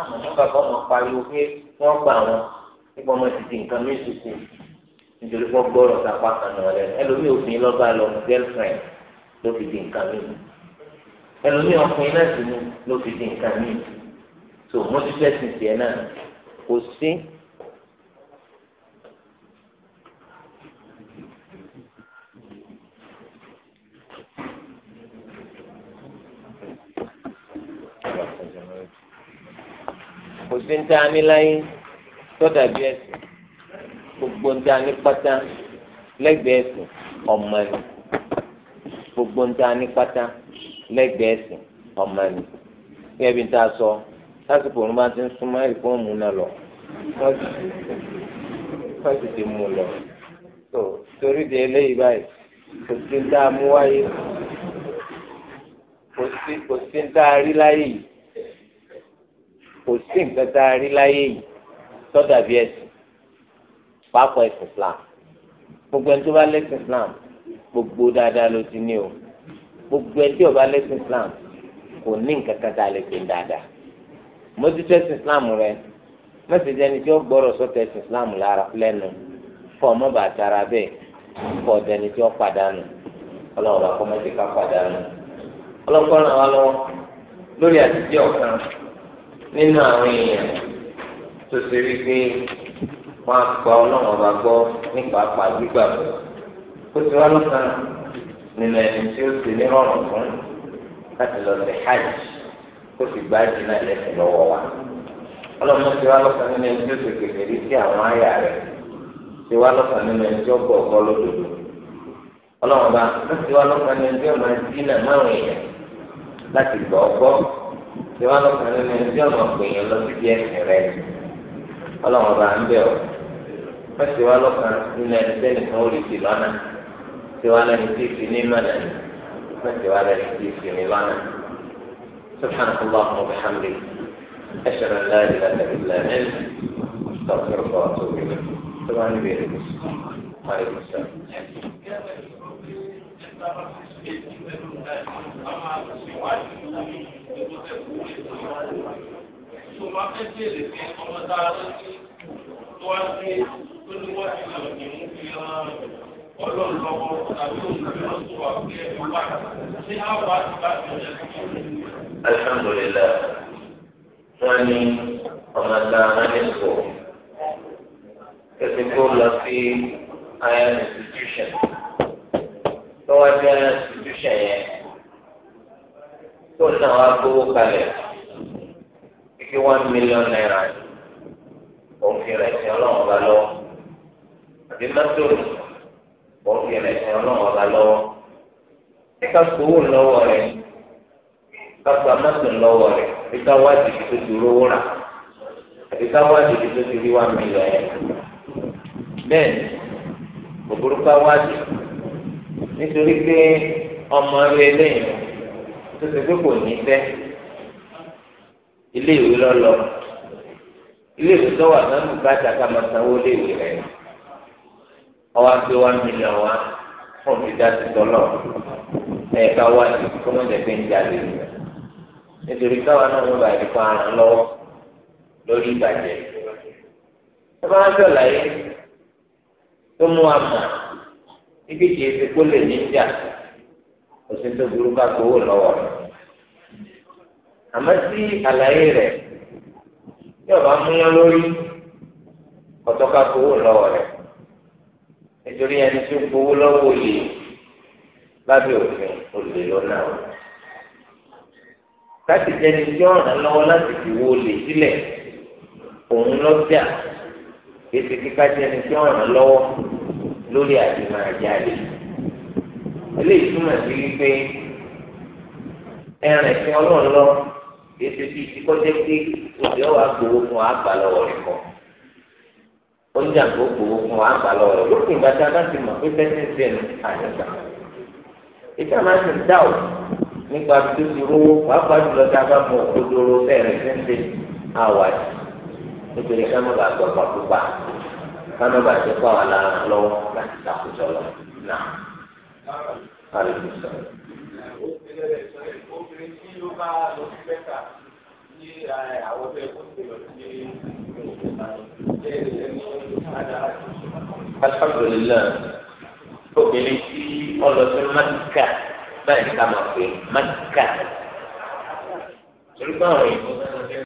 islam wọn bàbá wọn pariwo pé wọn gbà wọn nípa ọmọ ti di nǹkan méjì kù nítorí wọn gbọ́rọ̀ sápá kan náà lẹ́nu ẹlòmíì obìnrin lọba lọ girlfriend ló fi di nǹkan méjì ẹlòmíì ọkùnrin náà sì ni ló fi di nǹkan méjì tó mọ́tútù ẹ̀sìn tiẹ̀ náà kò sí kò sí ń tẹ́ aníláyé tó dàbí ẹ̀sìn gbogbo ń tẹ́ aní pátá lẹ́gbẹ̀ẹ́ ẹ̀sìn ọmọ ni gbogbo ń tẹ́ aní pátá lẹ́gbẹ̀ẹ́ ẹ̀sìn ọmọ ni gẹ́gẹ́ bí n ta sọ lásìkò òun bá ti ń súnmọ́ ẹ̀rí fún òun lọ wọ́n ti mú un lọ tó torí de eléyìí báyìí kò tá a mú wáyé kò tá a rí láyé yìí kò sí nǹkan tá a rí láyé yìí sọ́dà bí ẹ̀sìn pápọ̀ ẹ̀sìn Islam gbogbo ẹni tó bá lẹ́sìn Islam gbogbo dáadáa ló ti ní o gbogbo ẹni tí ò bá lẹ́sìn Islam kò ní nǹkan kan tá a lè pè dáadáa mójútó ẹ̀sìn Islam rẹ mẹ́sẹ̀jì ẹni tí ó gbọ́rọ̀ sọ́tọ̀ ẹ̀sìn Islam lẹ́nu fọ́ ọmọ bàtà ara bẹ́ẹ̀ fọ́ ọ̀dẹni tí ó padànù ọlọ́run bá kọ́ mẹ́tẹ̀ká padànù ọlọ́kọ́ ràn wá lọ́wọ́ lórí àtijọ́ kan. nínú àwọn èèyàn tó ṣe rí pé wọn àgbà ọlọ́run ọba gbọ́ nípa pàgbígbà ó ti wá lọ́kàn nínú ẹni tí ó ṣe nírọ̀rùn fún láti lọ sí hajj sì gbá lọ́wọ́ wa ọlọ́run ti wá lọ́kàn nínú ẹni tí ó ṣe kékeré sí àwọn àyà rẹ̀ ti wá lọ́kàn nínú ẹni tí ó bọ̀ ọba ó ti wá nínú ẹni tí ó máa dínà láti gbọ́ tí wọ́n lọ́kàn nínú ẹni tí ọ̀nà ọ̀gbìn lọ sí bí ẹ̀sìn rẹ̀ ọlọ́run ọba ń bẹ̀ ọ́ wọ́n ti wá lọ́kàn nínú ẹni tẹ́ni kan ó lè ti lọ́nà tí wọ́n tí fi ní mọ̀nà ni wọ́n ti wá tí fi ní lọ́nà سبحانك اللهم وبحمدك أشهد أن لا إله إلا أنت أستغفرك وأتوب إليك طبعا بيرك وعليكم السلام Thank you tó bá fẹ́ bèèrè pé ọmọ tá a lọ sí tó wá institution tó wá sí higher institution yẹn tó náà wá gbowó kalẹ̀ kíkí one million naira òfin rẹ̀ sí ọlọ́run ọba lọ́wọ́ àbí mọ́tò òfin rẹ̀ sí ọlọ́run ọba lọ́wọ́ kíkà gbowó lọ́wọ́ rẹ̀ kápá mọ́tò lọ́wọ́ rẹ̀ kíkà wájú tó dúró wúrà àbí káwájú tó ti rí one million yẹn bẹ́ẹ̀ òbúrúkọ wájú nítorí pé ọmọ rẹ̀ lẹ́yìn tó ṣe pé kò ní fẹ́ ilé ìwé lọ́lọ́ ilé ìwé tó wà náà nígbà tí a ká máa sanwó ilé ìwé rẹ̀ ọwọ́ àti one million wa fún mi dá sí tọ́lọ̀ ẹ̀ka wá sí kọ́mọ́jẹ̀ pé ń jáde rẹ̀ nítorí káwa náà ló bá ẹ̀dínkù ara lọ́wọ́ lórí ìbàjẹ́ ẹ máa ń sọ̀láyé tó mú wa ibi kìí ṣe kó lè ní jà òsì tó burú ká gbowó lọ́wọ́ rẹ̀ àmọ́ sí àlàyé rẹ̀ tí ọba múná lórí ọ̀tọ̀ ká gbowó lọ́wọ́ rẹ̀ nítorí ẹni tó gbowó lọ́wọ́ olè lábẹ́ òfin olè lọ́nà láti jẹni tí ọ̀ràn lọ́wọ́ láti fi wo olè sílẹ̀ òun lọ́jà ètò kíkájẹni tí ọ̀ràn lọ́wọ́ lórí àdìmọ̀ àjálẹ̀ eléyìí túmọ̀ sí wípé ẹrìn ẹ̀sìn ọlọ́run lọ ètò ti ti kọjá pé òbí ọ̀wà gbowó fún wa gbà lọ́wọ́ rẹ̀ kọ́ oúnjẹ àgbo gbowó fún wa gbà lọ́wọ́ rẹ̀ lókè ìgbà tí a bá ti mọ̀ pé fẹ́ẹ́ ti ń àyàgbà ìta máa ti dá o nípa tó ti rówó pàápàá jùlọ tá a bá mọ òdòdó fẹ́ẹ̀rẹ̀ fẹ́ẹ́ àwàdì nítorí ká má bàa gbọ́ pàkópa ká má bàa jẹ́ pàwọn lọ́wọ́ láti ṣàkóso lọ àlejò sọ. obìnrin tí ló bá lọ sí mẹ́ta ní àwọn ọ̀fẹ́ kó tẹ̀ lọ sí alhamdulilayi obìnrin tí ọlọsẹ mátíkà báyìí ká máa pè mátíkà torí báwọn èèyàn.